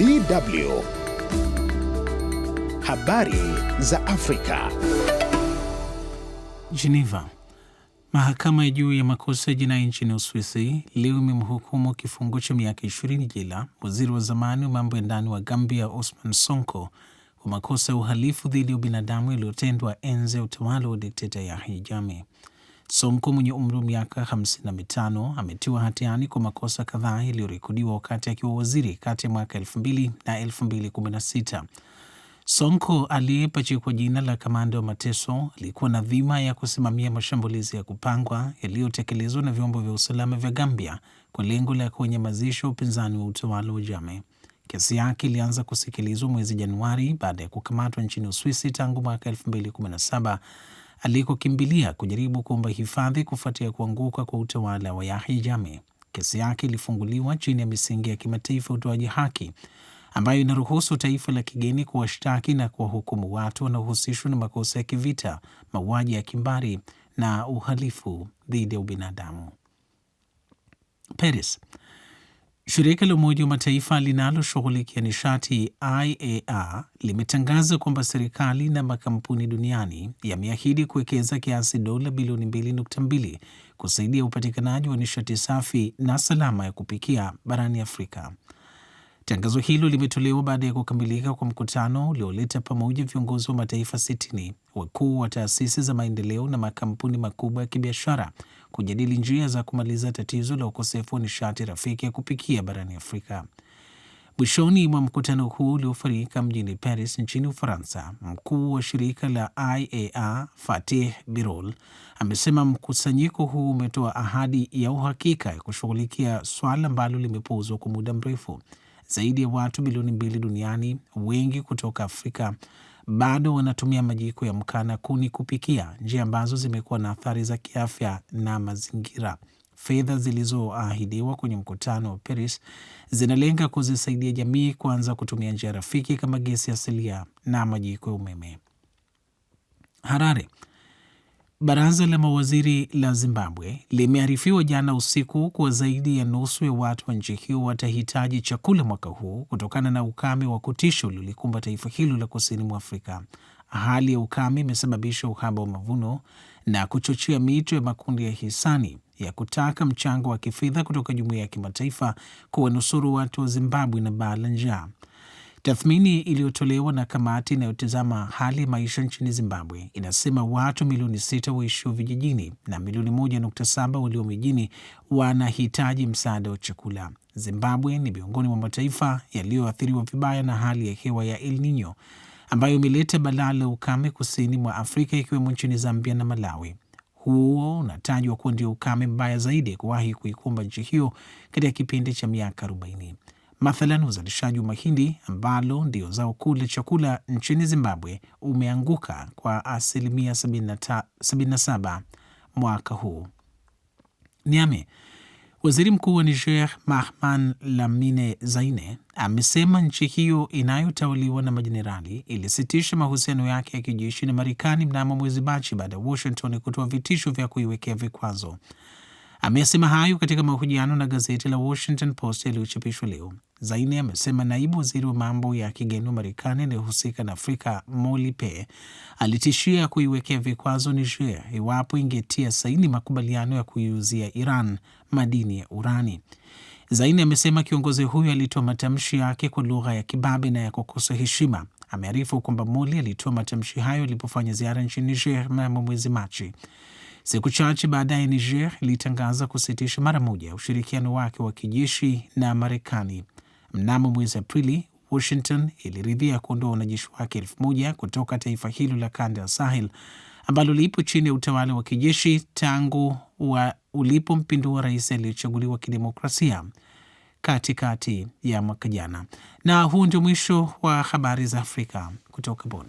DW. Habari za Afrika. Geneva. Mahakama ya juu ya makosa ya jinai nchini Uswisi leo imemhukumu kifungo cha miaka 20 jela waziri wa zamani wa mambo ya ndani wa Gambia Osman Sonko kwa makosa ya uhalifu dhidi ya ubinadamu yaliyotendwa enzi ya utawala wa dikteta Yahya Jammeh. Sonko mwenye umri wa miaka 55 ametiwa hatiani kwa makosa kadhaa yaliyorekodiwa wakati akiwa waziri kati ya mwaka 2 na 2016. Sonko aliyepachikwa jina la kamanda wa mateso alikuwa na dhima ya kusimamia mashambulizi ya kupangwa yaliyotekelezwa na vyombo vya usalama vya Gambia kwa lengo la kunyamazisha upinzani wa utawala wa Jame. Kesi yake ilianza kusikilizwa mwezi Januari baada ya kukamatwa nchini Uswisi tangu mwaka 217 alikokimbilia kujaribu kuomba hifadhi kufuatia kuanguka kwa utawala wa Yahya Jammeh. Kesi yake ilifunguliwa chini ya misingi ya kimataifa utoaji haki ambayo inaruhusu taifa la kigeni kuwashtaki na kuwahukumu watu wanaohusishwa na makosa ya kivita, mauaji ya kimbari na uhalifu dhidi ya ubinadamu. Paris. Shirika la Umoja wa Mataifa linaloshughulikia nishati iaa limetangaza kwamba serikali na makampuni duniani yameahidi kuwekeza kiasi dola bilioni 2.2 kusaidia upatikanaji wa nishati safi na salama ya kupikia barani Afrika. Tangazo hilo limetolewa baada ya kukamilika kwa mkutano ulioleta pamoja viongozi wa mataifa 60, wakuu wa taasisi za maendeleo na makampuni makubwa ya kibiashara kujadili njia za kumaliza tatizo la ukosefu wa nishati rafiki ya kupikia barani Afrika. Mwishoni mwa mkutano huu uliofanyika mjini Paris nchini Ufaransa, mkuu wa shirika la iaa Fatih Birol amesema mkusanyiko huu umetoa ahadi ya uhakika ya kushughulikia swala ambalo limepuuzwa kwa muda mrefu. Zaidi ya watu bilioni mbili duniani, wengi kutoka Afrika, bado wanatumia majiko ya mkaa na kuni kupikia, njia ambazo zimekuwa na athari za kiafya na mazingira. Fedha zilizoahidiwa kwenye mkutano wa Paris zinalenga kuzisaidia jamii kuanza kutumia njia rafiki kama gesi asilia na majiko ya umeme. Harare Baraza la mawaziri la Zimbabwe limearifiwa jana usiku kuwa zaidi ya nusu ya watu wa nchi hiyo watahitaji chakula mwaka huu kutokana na ukame wa kutisha uliolikumba taifa hilo la kusini mwa Afrika. Hali ya ukame imesababisha uhaba wa mavuno na kuchochea mito ya makundi ya hisani ya kutaka mchango wa kifedha kutoka jumuiya ya kimataifa kuwanusuru watu wa Zimbabwe na baa la njaa. Tathmini iliyotolewa na kamati inayotizama hali ya maisha nchini Zimbabwe inasema watu milioni sita waishio vijijini na milioni moja nukta saba walio mijini wanahitaji msaada wa chakula. Zimbabwe ni miongoni mwa mataifa yaliyoathiriwa vibaya na hali ya hewa ya El Nino ambayo imeleta balaa la ukame kusini mwa Afrika ikiwemo nchini Zambia na Malawi. Huo unatajwa kuwa ndio ukame mbaya zaidi kuwahi kuikumba nchi hiyo katika kipindi cha miaka 40. Mathalan, uzalishaji wa mahindi ambalo ndio zao kuu la chakula nchini Zimbabwe umeanguka kwa asilimia 77 mwaka huu. Niame, waziri mkuu wa Niger Mahman Lamine Zaine amesema nchi hiyo inayotawaliwa na majenerali ilisitisha mahusiano yake ya kijeshi na Marekani mnamo mwezi Machi baada ya Washington kutoa vitisho vya kuiwekea vikwazo. Amesema hayo katika mahojiano na gazeti la Washington Post yaliyochapishwa leo. Zaini amesema naibu waziri wa mambo ya kigeni wa Marekani anayehusika na Afrika, Molly Pe alitishia kuiwekea vikwazo Niger iwapo ingetia saini makubaliano ya kuiuzia Iran madini ya urani. Zaini amesema kiongozi huyo alitoa matamshi yake kwa lugha ya kibabe na ya kukosa heshima. Amearifu kwamba Moli alitoa matamshi hayo alipofanya ziara nchini Niger mnamo mwezi Machi. Siku chache baadaye, Niger ilitangaza kusitisha mara moja ushirikiano wake wa kijeshi na Marekani. Mnamo mwezi Aprili, Washington iliridhia kuondoa wanajeshi wake elfu moja kutoka taifa hilo la kanda ya Sahel ambalo lipo chini ya utawala wa kijeshi tangu ulipompindua rais aliyechaguliwa kidemokrasia katikati ya mwaka jana. Na huu ndio mwisho wa habari za Afrika kutoka Bonn.